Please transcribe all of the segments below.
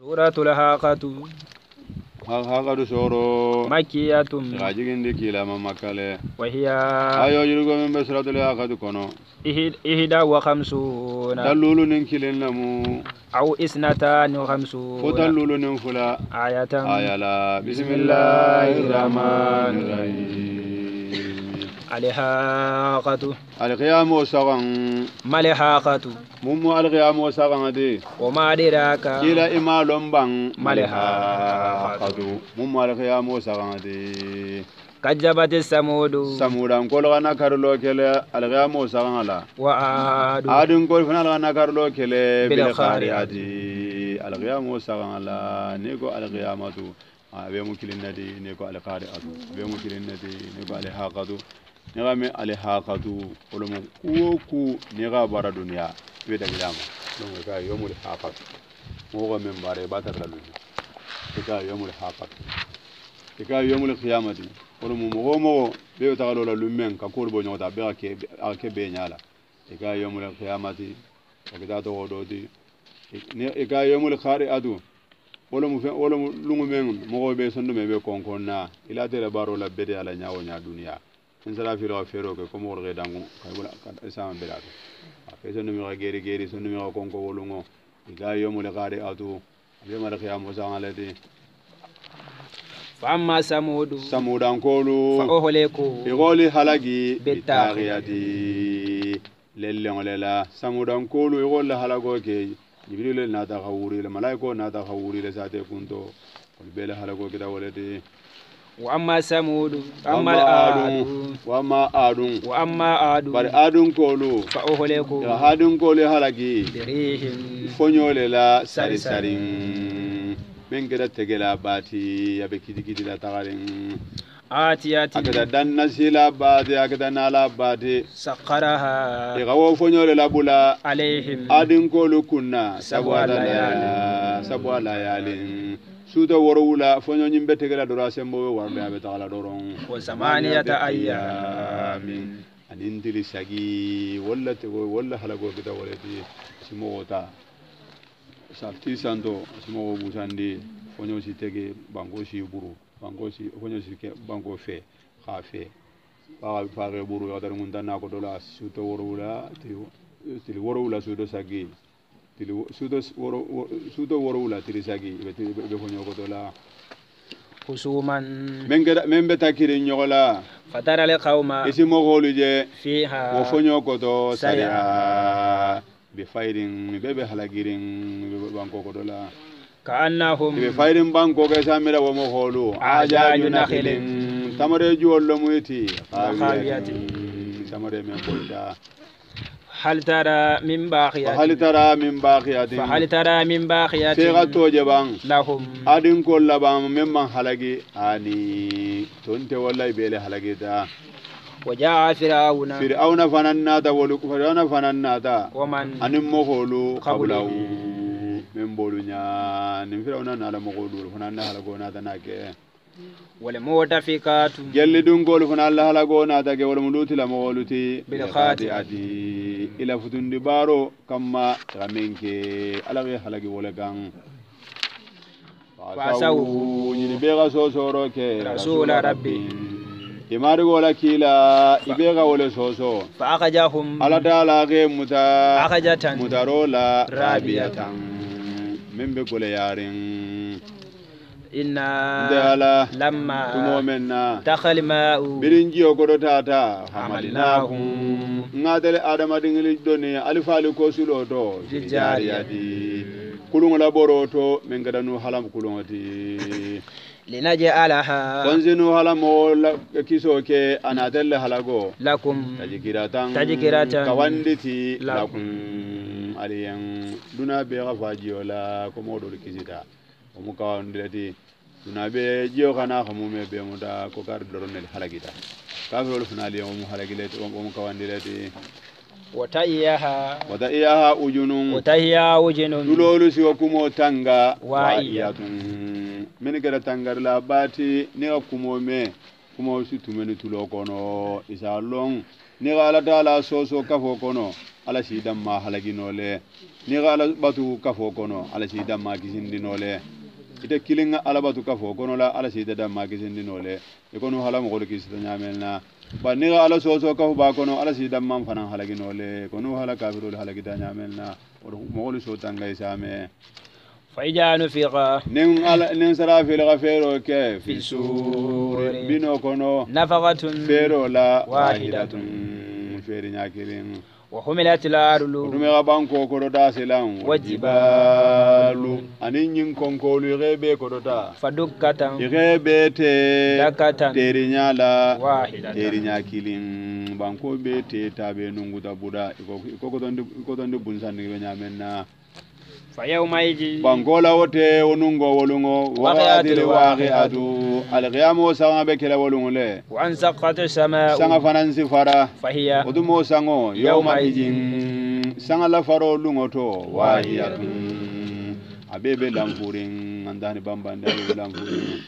suratul haqatu haqadu soro makiyatum sira jigindi kilama makale wahiya ayo yirugo min be suratul haqatu kono ihida wa khamsuna dalulu nin kilin lamu aw isnatan wa khamsuna fo dalulu nin fula ayatan ayala bismillahir rahmanir rahim الحاقة القيام وسغن ما الحاقة مم القيام وسغن دي وما Kila كلا إما لنبان ما الحاقة مم القيام وسغن دي كذبت الثمود ثمود ان كل غنا كارلو كلا الغام وسغلا وعاد عاد ان كل فنا غنا كارلو كلا بالخارعه الغام وسغلا نيكو الغيامه آه، بيمو كلنا دي نيكو القارعه بيمو كلنا دي نيكو الحاقه nega me alihaqatu olomo kuwo ku nega bara duniya ibe dagilama donc ka yomul haqatu mogo men bara batar la lunya ka yomul haqatu ka yomul qiyamati olomo mogo mogo be ta lo la lumen ka ko bo nyota be ake ake be nyala ka yomul qiyamati o kita to doti ka yomul khari'atu wolomu fe wolomu lungu men mogo be sondu me be konkonna ila baro la bede ala nyawo nya duniya insala filo fero ke komo wol dangu kay wala ka sama belato ke so numi ga geri geri so numi ga konko wolungo iga yomo فأما ثمود ثمود أنكولو فأهلكوا يقولي هلاكي بالتاغية للي للا ثمود أنكولو يقول هلاكو كي جبريل ناتا خوري الملائكة ناتا خوري لساتي كنتو قل بيلا هلاكو wa amma samudu amma adu wa amma adu wa amma adu bar adun kolo fa o hole ko ya hadun kolo halagi dirihi fonyole la sari sari men gada tegela bati ya be kidigidi la tagare ati ati gada dan nasila ba ya gada nala ba de saqaraha e gawo fonyole la bula alehim adun kolo kunna sabwala ya suta worowula fo ñoñim be tegela dora sembowe warde aɓe taxala doron fo samaniyata ayamin anin tili sagi walla tegoy walla halago kita woleti simoxota safti santo simoxo busandi foño si tege banko si buru banko si foño si ke banko fe xa fe paxa faxe buru yoxtari ngunta nako dola suto worowula tili worowula suto sagi tili suuto worou la tili sagi ɓe fo ñogoto la husuman men keda men be takiri ñogola fatarale qawma isi mogoolu je fiha wo fo ñogoto sariha be fayrin be ɓe halagirin ɓe ɓankogoto la kaannahum ɓe fayrin ɓankoke samira wo mogoolu ajaju nakhilin tamare juol lo muyiti tamare men da هل ترى من باقيات هل ترى من باقيات فهل ترى من باقيات سيغا توجبان لهم أدن كل بام ممن حلقي آني تنت والله بيلي حلقي دا وجاء فرعون فرعون فنناتا ولك فرعون فنناتا ومن أن مغولو قبله من بولو نيا نفرعون نالا مغولو فننا حلقونا تناكي wala mota fikatu jalli dun gol fun allah la go na ta ge wala muluti la mawluti bil khati ila futundi baro kama ramenke ala ge halagi wala gang fasawu ni be ga so so ro ke rasul rabbi imari go la kila ibe ga wala so so fa akajahum ala dala ge muta akajatan mudarola rabiatan membe gole yarin إنا لما تمومنا دخل ماء برنجي وقدو تاتا حملناكم نادل آدم دنجل دوني ألف ألكو سلوتو جارياتي كلون لبروتو من قدنو حلم كلونتي linajalaha konzinu hala mo kiso ke anatelle halago lakum tajikiratan tajikiratan kawanditi lakum aliyan duna be gafajiyo la komodo kisita omu kawandilati tunabe jiyo kana kamume be muta ko kar doronel halagita kafirol funali omu halagilati omu kawandilati watahiyaha watahiyaha ujunun watahiya ujunun dulolu siwa kumo tanga waiyatun min kera la bati ni ka kumo me kumo si tumeni tulo kono isalong ni ka ala taala soso kafo kono ala si damma halaginole ni ka ala batu kafo kono ala si damma nole ite kilinga alabatu kafo kono la ala sita da makisindi nole ikono hala mogolo kisita ñamelna ba ni ala soso kafu ba kono ala sita man fanan halagi nole kono hala kafirol halagita ñamelna oto mogolu so tangay same فإذا نفق نين على نين سرا في فيرو كيف في سور بينو كونو نفقة فيرو لا واحدة فيرو أكلين وحملت الأرض ودمغ بانكو كروتا سلام وجبال أني نين يغيب يغيبي كروتا فدكتا يغيب تي دكتا تيرينيا لا واحدة تيرينيا كيلين بانكو بيت تابي نونغو تابودا يكو يكو iko يكو kotondi bunsan نيجي benyamena bankola wote wonungo wolungo waqatil waqiatu alqiyamo sanga be kela wolungo le sanga fanansi fara odumo sango yawmaidin sanga lafaro lungo to wahiyatun abe be lanfurin andani bambande abe be lanfurin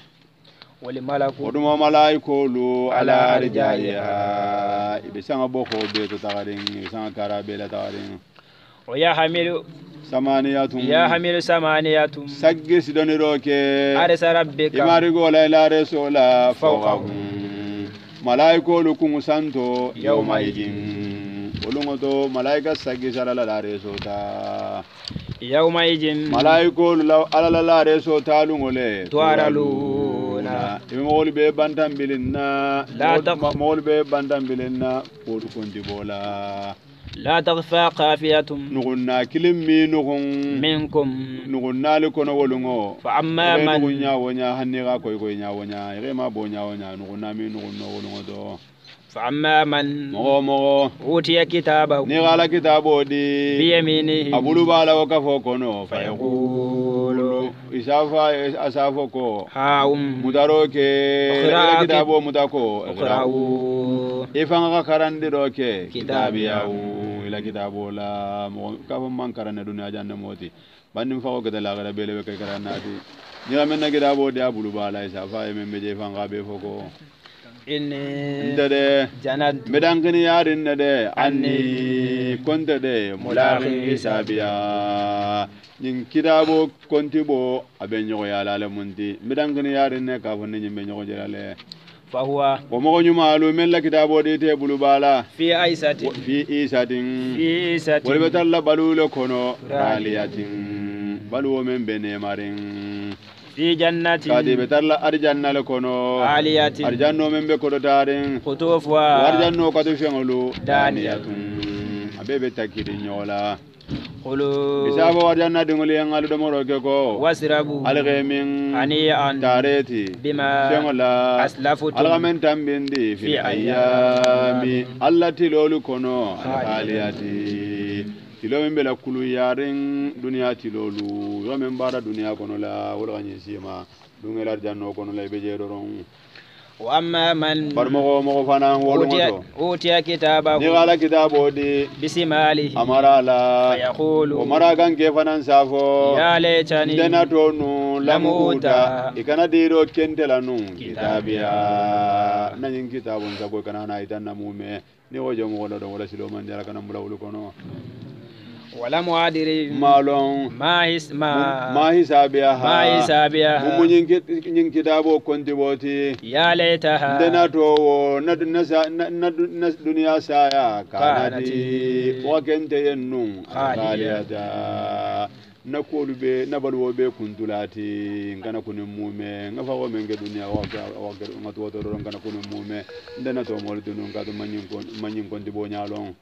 wodumo malayikolu ala arjaiha ibe sanga boko be to tagarin ibe sanga kara be la ويحمل سمانياتهم يحمل سمانياتهم سجس دنيروك أرس ربك يمارغو ليلا رسولا فوقهم ملايكو لكم سانتو يومئذ ولونتو ملايكا سجس على لارسوتا يومئذ ملايكو على لارسوتا لونغولي توارلو imi moolu be bantan bilin na moolu be bantan bilin na kuwotu konti boo la لا تخفى خافية نغنا كلم مي نغن منكم نغنا لكنا ولنغو فأما من نغنا ونيا هنغا كوي كوي نيا ونيا غيما بو نيا ونيا نغنا مي نغنا ولنغو دو فأما من مغو مغو أوتي كتابه نغالا كتابه دي بيمينه أبولو بالا وكفو كنو فيقول إسافا أسافو كو هاوم مداروكي كتابه مداكو اقرأوا إفنغا كرندروكي كتابياو ila kitabo la mo ka fo man karane duniya janne moti bandin fa ko kete la gara bele be kara nati nyira men na kitabo de abulu bala isa fa e men beje fa ngabe fo ko inni nte de ne de anni konte de mulaki hisabiya ñin kitabo konti bo abe ñogo yalale munti medankini yarin ne ka fo ne ñin be فهو ومغني مالو من لك تابو دي تبلو بالا في ايسات في ايسات في ايسات ولبتال بلو لكونو راليات بلو من بنيمارين في جنات كادي بتلا أرجعنا لكونو عاليات أرجعنا من بكرة دارين خطوف وارجعنا كتوشنولو دانيات أبي بتكيرين يولا قلوب بسبب وجنا دنگلي ينغال دمرو كيكو وسرابو الغيمين هنيئا تاريتي بما شملا أسلفتم الغمن تنبندي في الأيام التي لولو كونو الآلياتي tilo min bela kulu yarin duniya tilolu yo min bara duniya kono la wala ganyi sima dungela janno kono la ibe je doron وأما من أوتي, أوتي كتابه نغالا كتابه دي بسماله أمرا لا فيقول ومرا كان كيف ننسافو يا ليتني دنا تونو lamuta ikana diro kentela nu kitabia nanyin kitabu nzago kana na itanna mume ni wojo mo wodo wala silo mandela kana mula kono wala muadiri malon ma his ma ma hisabiya ma hisabiya mu nyin nyin kitabo konti boti ya laitaha dana to na na na duniya saya kanati wa kente yennun khaliyata na kolu be na baluwo be kuntulati ngana kunin mume nga fawo men ge duniya wa wa nga to to ngana kunin mume ndana to mol dunun ka to manyin kon manyin kon di bo nyalon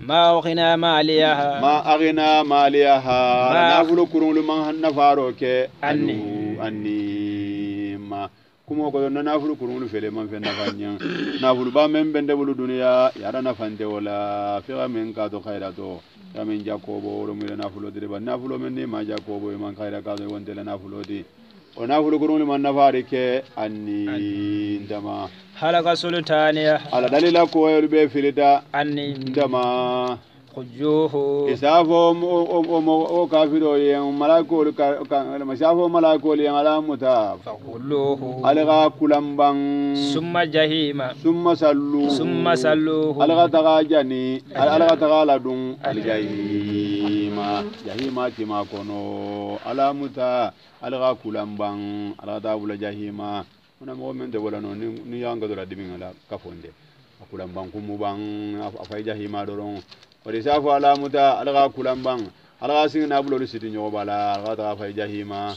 ma aghna maliyaha ma aghna maliyaha nafolo kurunglu man nafaro ke anni anni ma kuma ko na nafolo kurunglu fele man fe nafanya nafolo ba men bende bulu duniya yara nafante wala fe men ka to khaira to ya men jakobo ro mi nafulo dire ba nafolo men ne ma jakobo man khaira ka to wonte la nafolo di ونافل قرون من نفارك أني دما حلقة سلطانية على دليل كويل بفلتا أني دما خجوه إسافو وكافرو يم ملاكول مسافو ملاكول يم على متاب فقلوه ألغا كلمبان ثم جهيم ثم سلو ثم سلوه ألغا تغاجني ألغا تغالدون الجهيم Mm-hmm. jahima jahima kima kono ala muta alga kulamban alga tabula jahima ona mo men de wala no ni yanga dora dimin ala kafonde akulamban kumuban afai jahima doron wadi safu ala muta alga kulamban alga singina bulolu siti nyogo ala alga taga afai jahima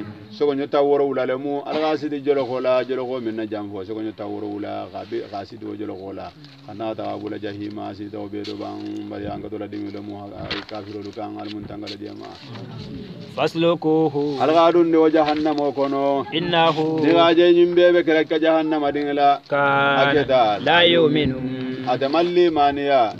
sogonyo ta woro wula le mu ala ka sidi joloko la joloko min na janfo sogonyo ta woro wula ka sidi wo joloko la kana ta wula jahima sidi taw be ban bari an gadola dimi le mu kafirolu kan almun tangala diyama faslukuhu ala ka dun ne wo jahannamo kono innahu ni ga je nyimbe be ka jahannama dingla ka aketa la yu'minu adamalle maniya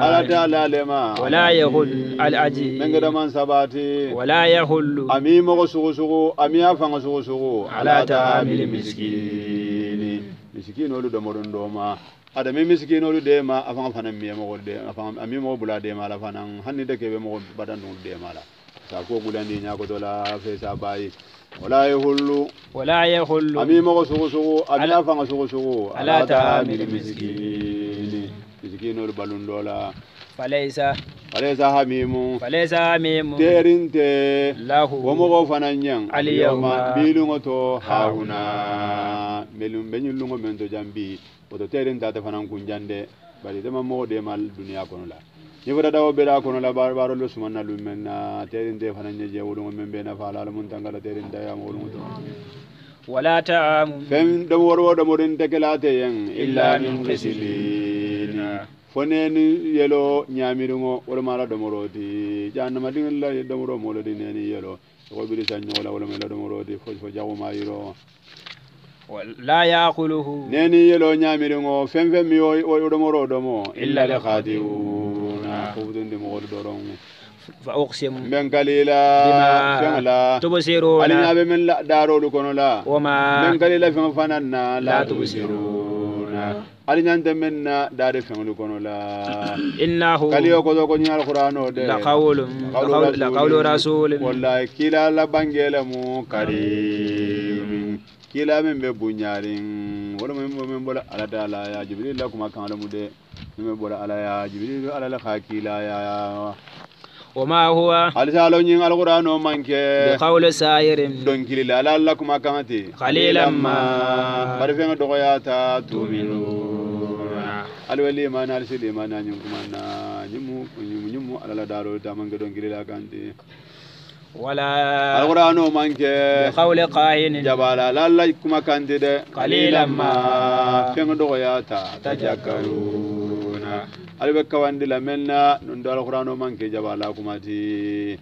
alata lalema wala yahul alaji mengeda man sabati wala yahul ami mako sugu sugu ami fanga sugu sugu alata amil miskini miskini olu domoron doma adami miskini olu dema afanga fana miye mogo de afanga ami mogo bula ma la fana hanni de kebe mogo badan dum ma la sako gulandi nya ko tola fe sabai wala yahullu wala yahullu ami mo sugu sugu ami afa ngo sugu sugu ala ta mil miskini miskino balun dola falaisa falaisa hamimu falaisa hamimu terin te lahu wo mo fana nyang aliyawma bilungo to hauna melum benyulungo mento jambi oto terin tata fanan kunjande bari tema mo de mal dunia kono ni jibada dawo bela kono la bar baro lu sumanna lu menna terin de fananye je mo men be na fala lu mun tangala terin da ya mo wulu mun wala ta'am fem da worwo mo den tekela te yen illa min qisilin foneni yelo nyamiru mo wala mala da moroti janna din la da moro din neni yelo ko bi biri nyola wala mo mala da moroti fo fo jawo mayiro la yakuluhu neni yelo ñamiriŋo feŋ feŋ mi wo domoro domo illa le khatiuna kubutundi mogolu doroŋ fa uqsimu ben kalila feŋ la tubsiruna ali ñabe men daarolu kono la woma ben kalila feŋ fanan na la tubsiruna ali ñante men na daari feŋolu kono la innahu kaliyo koto ko ñal qur'ano de la qawlum la qawlu rasul wallahi kila la bangele mu karim kila min be bonyarin wala min bɛ min bɔra ala da ala ya jibiri la kuma kan alamu dɛ min bɛ bɔra ala ya jibiri ala la ka kila ya o ma huwa halisa alo nyin alquran o man kɛ bi qawli sayirin don kilila ala la kuma kan te qalilan ma bari fɛn dɔgɔya ta tuminu alwali ma na alisi le ma na nyin kuma na nyimu nyimu ala la daro ta man kilila kan wala alqur'ano manke qawli qahin jabala la kuma kanti de qalilan ma fen dogoyata tajakkaruna albe kawandi lamenna nun do alqur'ano manke jabala kuma ti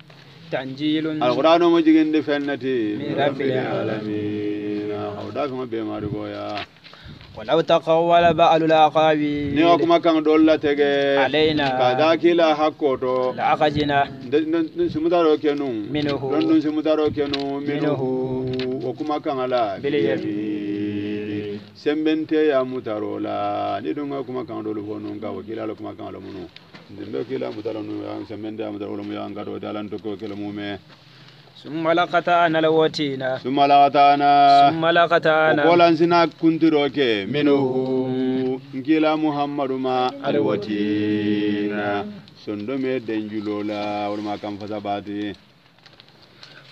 tanjilun alqur'ano mo jigindi fennati min rabbil alamin hawda kuma be marugo ya ولو تقول بعض الأقاويل نيوكما كان دولا تجي علينا كذاك لا حكوتو لا أخجنا نسمدارو كنو منه نسمدارو كنو منه وكما كان لا بليبي sembente ya mutarola ni dunga kuma kan dolu bonu ga wakila lo kuma kan lo munu ndo kila mutalo nu sembente ya mutalo lo mu ya ngado dalan to ko kelo mu me ثم لقطعنا لوتينا ثم لقطعنا ثم لقطعنا وقولا سنا كنت روكي منه نجيلا محمد ما الوتينا سندمي دنجلولا ورما كم فسباتي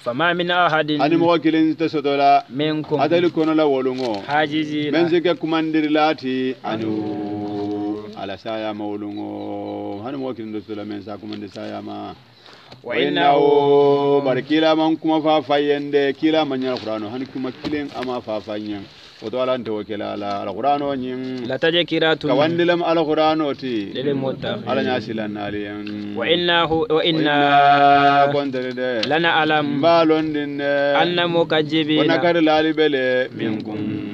فما من أحد أنا موكلين تسدولا منكم هذا لا ولونغو حاجزين من زكى كمان دلاتي أنو ala saya maulungo hanu mo kindo sula men sa kuma ndi saya ma wa innahu bar kila man kuma fa yende kila man ya qur'ano hanu kuma kilen ama fa O to ala nta wakila ala ala qur'ano nyen la taje kiratu kawandi lam ala qur'ano ti lele motta ala nya silan nali wa innahu wa inna kondere de lana alam balon din anna kajibi wana kar lali bele kum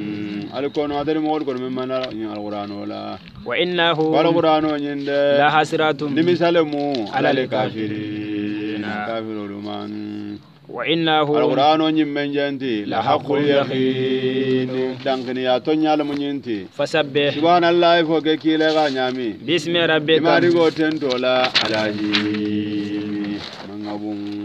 alkono adari mogol kono min mana ñin alqur'ano la wa innahu alqur'ano ñin de la hasiratum ni misale mu alal kafirina kafirolu man wa innahu alqur'ano ñin men janti la haqqul yaqin dankini ya to ñala mu ñinti fasabbih subhanallahi fo ke kile ga ñami bismi rabbika imari go tento la alaji mangabun